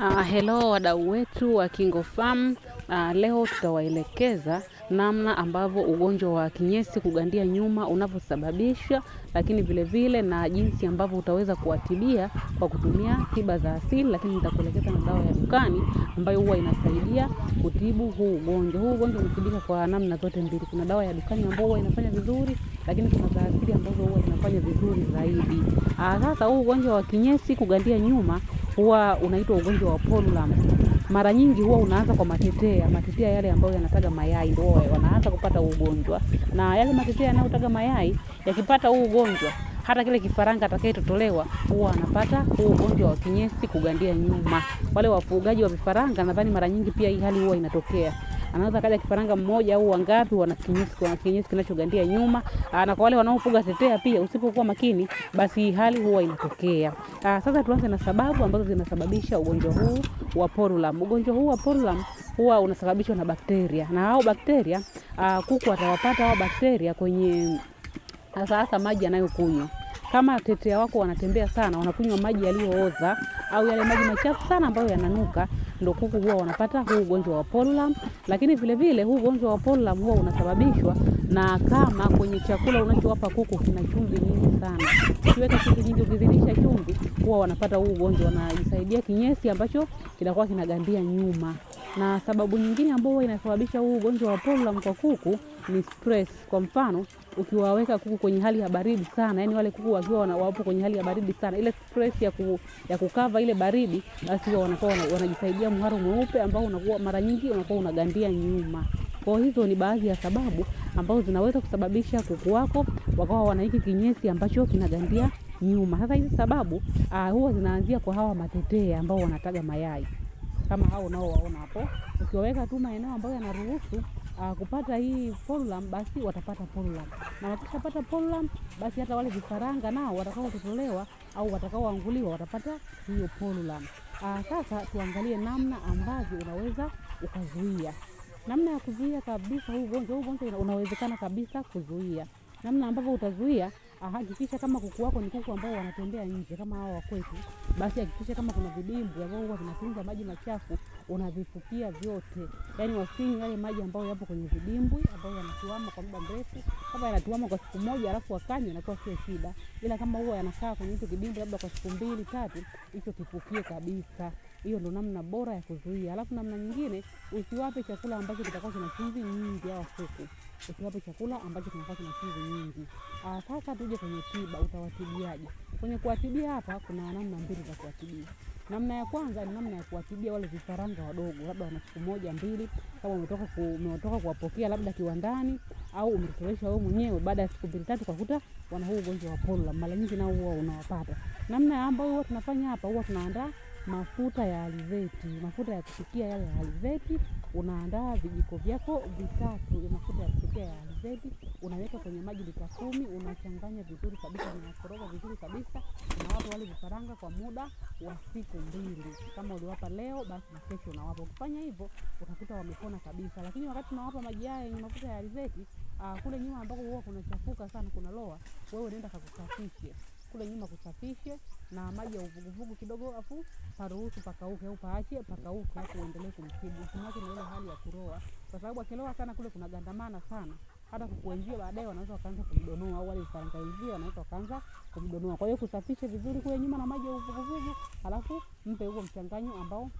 Uh, hello wadau wetu wa KingoFarm. Uh, ah, leo tutawaelekeza namna ambavyo ugonjwa wa kinyesi kugandia nyuma unavyosababishwa, lakini vilevile na jinsi ambavyo utaweza kuwatibia kwa kutumia tiba za asili, lakini nitakuelekeza na dawa ya dukani ambayo huwa inasaidia kutibu huu ugonjwa. Huu ugonjwa unatibika kwa namna zote mbili. Kuna dawa ya dukani ambayo huwa inafanya vizuri, lakini kuna za asili ambazo huwa zinafanya vizuri zaidi. Ah, sasa huu ugonjwa wa kinyesi kugandia nyuma huwa unaitwa ugonjwa wa Pollum. Mara nyingi huwa unaanza kwa matetea, matetea yale ambayo yanataga mayai ndio wanaanza kupata ugonjwa, na yale matetea yanayotaga mayai yakipata huu ugonjwa hata kile kifaranga atakayetotolewa huwa anapata huu ugonjwa wa kinyesi kugandia nyuma. Wale wafugaji wa vifaranga, nadhani mara nyingi pia hii hali huwa inatokea anaweza kaja kifaranga mmoja au wangapi, wana kinyesi, kwa kinyesi kinachogandia nyuma. Ah, na kwa wale wanaofuga tetea pia, usipokuwa makini, basi hali huwa inatokea. Ah, sasa tuanze na sababu ambazo zinasababisha ugonjwa huu wa porulam. Ugonjwa huu wa porulam huwa unasababishwa na bakteria, na hao bakteria ah, kuku atawapata hao bakteria kwenye hasa hasa maji anayokunywa. Kama tetea wako wanatembea sana, wanakunywa maji yaliyooza au yale maji machafu sana ambayo yananuka, ndo kuku huwa wanapata huu ugonjwa wa pollen. Lakini vilevile huu ugonjwa wa pollen huwa unasababishwa na kama kwenye chakula unachowapa kuku kina chumvi nyingi sana. Ukiweka chumvi nyingi, ukizidisha chumvi, huwa wanapata huu ugonjwa, wanajisaidia kinyesi ambacho kinakuwa kinagandia nyuma. Na sababu nyingine ambayo inasababisha huu ugonjwa wa pollen kwa kuku ni stress. Kwa mfano ukiwaweka kuku kwenye hali ya baridi sana, yani wale kuku wakiwa wapo kwenye hali ya baridi sana, ile stress ya, ku, ya kukava ile baridi, basi wanakuwa wanajisaidia mharo mweupe ambao unakuwa mara nyingi unakuwa unagandia nyuma. Kwa hizo ni baadhi ya sababu ambazo zinaweza kusababisha kuku wako wakawa wanahiki kinyesi ambacho kinagandia nyuma. Sasa hizi sababu uh, huwa zinaanzia kwa hawa matetee ambao wanataga mayai kama hao unaowaona hapo, ukiwaweka tu maeneo ambayo yanaruhusu uh, kupata hii pollam, basi watapata pollam, na wakishapata pollam, basi hata wale vifaranga nao watakaototolewa au watakaoanguliwa watapata hiyo pollam. Uh, ah, sasa tuangalie namna ambavyo unaweza ukazuia, namna ya kuzuia kabisa huu ugonjwa. Huu ugonjwa unawezekana kabisa kuzuia. Namna ambavyo utazuia, ah, hakikisha kama kuku wako ni kuku ambao wanatembea nje kama hao wa kwetu basi hakikisha kama kuna vidimbwi ambavyo huwa vinatunza maji machafu unavifukia vyote, yaani wasinywe yale maji ambayo yapo kwenye vidimbwi ambayo yanatuama kwa muda mrefu. Kama yanatuama kwa siku moja alafu wakanywa, inakuwa sio shida, ila kama huwa yanakaa kwenye hicho kidimbwi labda kwa siku mbili tatu, hicho kifukie kabisa. Hiyo ndo namna bora ya kuzuia. Alafu namna nyingine, usiwape chakula ambacho kitakuwa kina chumvi nyingi, au kuku usiwape chakula ambacho kinakuwa kina chumvi nyingi. Ah, Sasa tuje kwenye tiba, utawatibiaje? Kwenye kuwatibia hapa kuna namna mbili za kuwatibia. Namna ya kwanza ni namna ya kuwatibia wale vifaranga wadogo, labda wana siku moja mbili, kama umetoka ku, umetoka kuwapokea labda kiwandani au umetolesha wewe mwenyewe, baada ya siku mbili tatu ukakuta wana huu ugonjwa wa polio, mara nyingi nao huwa unawapata. Namna ambayo huwa tunafanya hapa, huwa tunaandaa mafuta ya alizeti, mafuta ya kupikia yale ya alizeti. Unaandaa vijiko vyako vitatu ya mafuta ya kupikia ya alizeti, unaweka kwenye maji lita kumi, unachanganya vizuri kabisa, unakoroga vizuri kabisa, na watu wale vifaranga kwa muda wa siku mbili. Kama uliwapa leo, basi na kesho unawapa. Ukifanya hivyo utakuta wamepona kabisa, lakini wakati unawapa maji haya yenye mafuta ya alizeti, uh, ah, kule nyuma ambako huwa kunachafuka sana, kuna loa, wewe unaenda kakusafishe kule nyuma kusafishe na maji ya uvuguvugu kidogo, afu paruhusu pakauke au paache pakauke, afu uendelee kumtibu. Usimwache ni ile hali ya kuroa, kwa sababu akiloa sana kule kuna gandamana sana hata kukuenjia baadaye wanaweza wakaanza kumdonoa au wale vifaranga wanaweza wakaanza kumdonoa. Kwa hiyo kusafishe vizuri kule nyuma na maji ya uvuguvugu, alafu mpe huo mchanganyo ambao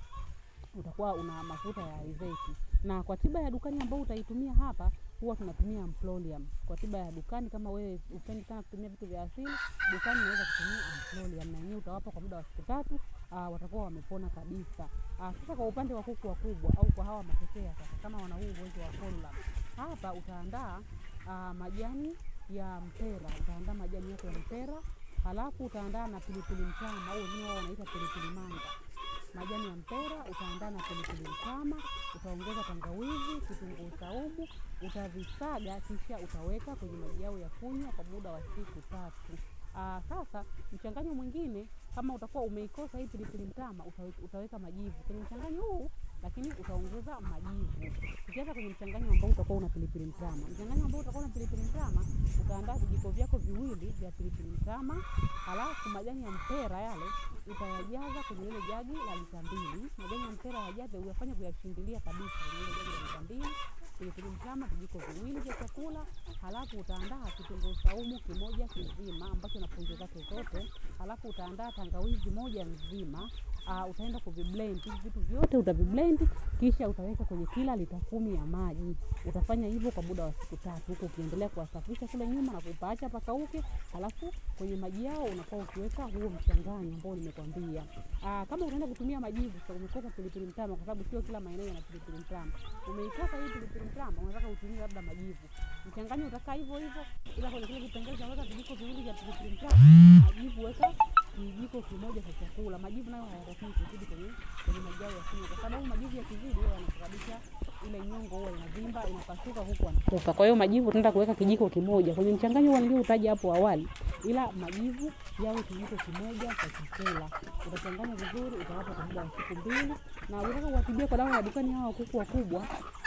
utakuwa una mafuta ya alizeti. Na kwa tiba ya dukani ambayo utaitumia hapa huwa tunatumia amplolium. kwa tiba ya dukani. Kama wewe upendi sana kutumia vitu vya asili dukani, unaweza kutumia amplolium na yenyewe utawapa kwa muda wa siku tatu, uh, watakuwa wamepona kabisa. Uh, Sasa kwa upande wa kuku wakubwa au kwa hawa matetea sasa, kama wana huu ugonjwa wa cholera, hapa utaandaa uh, majani ya mpera, utaandaa majani yako ya mpera, halafu utaandaa na pilipili mtama au wengine wao wanaita pilipili manga majani ya mpera, utaandaa na pilipili mtama, utaongeza tangawizi, kitunguu saumu, utavisaga kisha utaweka kwenye maji yao ya kunywa kwa muda wa siku tatu. Aa, ah, sasa mchanganyo mwingine kama utakuwa umeikosa hii pilipili mtama, utaweka, utaweka majivu kwenye mchanganyo huu lakini utaongeza majivu. Ukianza kwenye mchanganyo ambao utakuwa una pilipili mtama, mchanganyo ambao utakuwa una pilipili mtama, utaandaa vijiko vyako viwili vya pilipili mtama, halafu majani ya mpera yale utayajaza kwenye ile jagi la lita mbili. Majani ya mpera yajaze, uyafanye kuyashindilia kabisa kwenye ile jagi la lita mbili pilipili mtama vijiko viwili vya chakula, halafu utaandaa kitunguu saumu kimoja kizima ambacho na punje zake zote, halafu utaandaa tangawizi moja nzima uh, utaenda kuviblend hivi vitu vyote utaviblend, kisha utaweka kwenye kila lita kumi ya maji. Utafanya hivyo kwa muda wa siku tatu, huko ukiendelea kuwasafisha kule nyuma na kupaacha pakauke, alafu kwenye maji yao unakuwa ukiweka huo mchanganyo ambao nimekwambia. Uh, kama unaenda kutumia majivu, sasa umekosa pilipili mtama, kwa sababu sio kila maeneo yana pilipili mtama. Umeikosa hii pilipili mtama, unataka utumie labda majivu, mchanganyo utakaa hivyo hivyo, ila kwenye kile kipengele cha weka vijiko viwili vya pilipili mtama, majivu weka kijiko kimoja cha chakula. Majivu nayo hayatakiwi kuzidi kwenye kwenye majao ya sima, kwa sababu majivu yakizidi huwa yanasababisha ile nyongo huwa inavimba inapasuka, huku anatoka. Kwa hiyo majivu tunaenda kuweka kijiko kimoja kwenye mchanganyo huo nilioutaja hapo awali, ila majivu yawe kijiko kimoja cha chakula. Utachanganya vizuri, utawapa kwa muda wa siku mbili, na unataka kuwatibia kwa dawa ya dukani hawa kuku wakubwa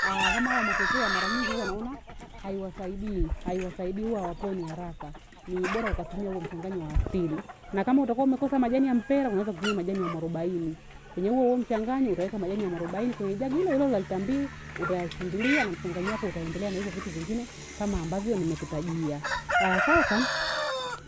ah, kama hawa matokeo, mara nyingi huwa naona haiwasaidii, haiwasaidii, huwa hawaponi haraka ni bora ukatumia huo mchanganyo wa asili, na kama utakuwa umekosa majani ya mpera, unaweza kutumia majani ya mwarobaini kwenye huo huo mchanganyo. Utaweka majani ya mwarobaini kwenye jagi hilo hilo la lita mbili, utayasindilia na mchanganyo wako utaendelea na hizo vitu vingine kama ambavyo nimekutajia. Ah, sasa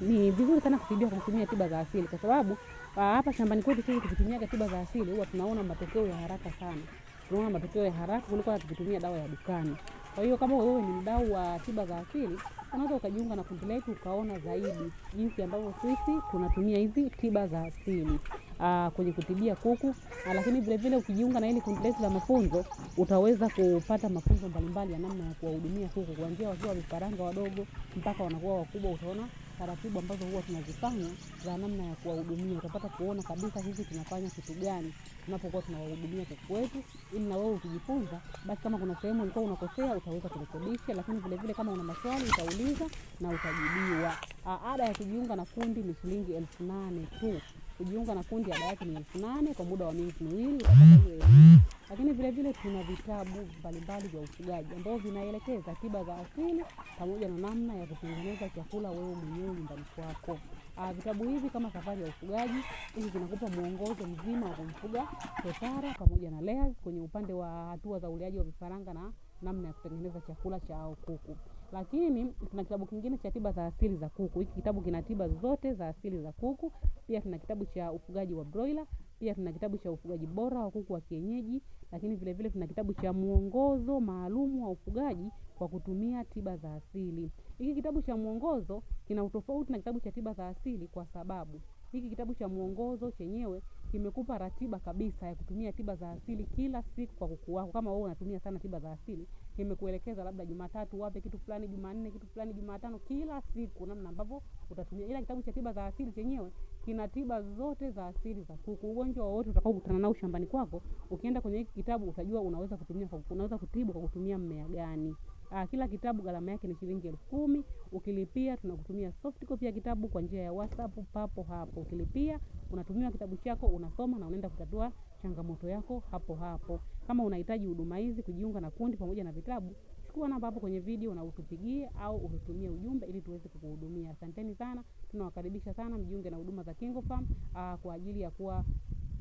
ni vizuri sana kutibia kwa kutumia tiba za asili kwa sababu ah, hapa shambani kwetu sisi tukitumia tiba za asili huwa tunaona matokeo ya haraka sana, tunaona matokeo ya haraka kuliko hata tukitumia dawa ya dukani. Kwa hiyo kama wewe ni mdau wa tiba za asili unaweza ukajiunga na kundi letu ukaona zaidi jinsi ambavyo sisi tunatumia hizi tiba za asili aa, ah, kwenye kutibia kuku aa, ah, lakini vilevile ukijiunga na hili kundi letu la mafunzo utaweza kupata mafunzo mbalimbali ya namna ya kuwahudumia kuku kuanzia wakiwa vifaranga wadogo mpaka wanakuwa wakubwa, utaona taratibu ambazo huwa tunazifanya za namna ya kuwahudumia. Utapata kuona kabisa hivi tunafanya kitu gani tunapokuwa tunawahudumia kuku wetu, ili na wewe ukijifunza, basi kama kuna sehemu ulikuwa unakosea utaweza kurekebisha, lakini vilevile kama una maswali utauliza na utajibiwa. Ah, ada ya kujiunga na kundi ni shilingi elfu nane tu. Kujiunga na kundi ada yake ni elfu nane kwa muda wa miezi miwili utapata hiyo elimu lakini vile vile tuna vitabu mbalimbali vya ufugaji ambavyo vinaelekeza tiba za asili pamoja na namna ya kutengeneza chakula wewe mwenyewe nyumbani kwako. Ah, vitabu hivi kama Safari ya Ufugaji, hivi vinakupa mwongozo mzima wa kumfuga totara pamoja na layers kwenye upande wa hatua za uleaji wa vifaranga na namna ya kutengeneza chakula cha kuku. Lakini kuna kitabu kingine cha tiba za asili za kuku. Hiki kitabu kina tiba zote za asili za kuku. Pia kuna kitabu cha ufugaji wa broiler pia tuna kitabu cha ufugaji bora wa kuku wa kienyeji, lakini vile vile tuna kitabu cha mwongozo maalumu wa ufugaji kwa kutumia tiba za asili. Hiki kitabu cha mwongozo kina utofauti na kitabu cha tiba za asili kwa sababu hiki kitabu cha mwongozo chenyewe kimekupa ratiba kabisa ya kutumia tiba za asili kila siku kwa kuku wako. Kama wewe unatumia sana tiba za asili, kimekuelekeza labda Jumatatu wape kitu fulani, Jumanne kitu fulani, Jumatano, kila siku namna ambavyo utatumia. Ila kitabu cha tiba za asili chenyewe kina tiba zote za asili za kuku. Ugonjwa wowote utakaokutana nao shambani kwako, ukienda kwenye hiki kitabu utajua unaweza kutumia kwa, unaweza kutibu kwa kutumia mmea gani. Aa, ah, kila kitabu gharama yake ni shilingi elfu kumi. Ukilipia tunakutumia soft copy ya kitabu kwa njia ya WhatsApp papo hapo. Ukilipia unatumiwa kitabu chako, unasoma na unaenda kutatua changamoto yako hapo hapo. Kama unahitaji huduma hizi, kujiunga na kundi pamoja na vitabu, chukua namba hapo kwenye video na utupigie au ututumie ujumbe ili tuweze kukuhudumia. Asanteni sana, tunawakaribisha sana mjiunge na huduma za KingoFarm aa, ah, kwa ajili ya kuwa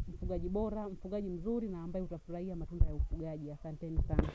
mfugaji bora, mfugaji mzuri na ambaye utafurahia matunda ya ufugaji. Asanteni sana.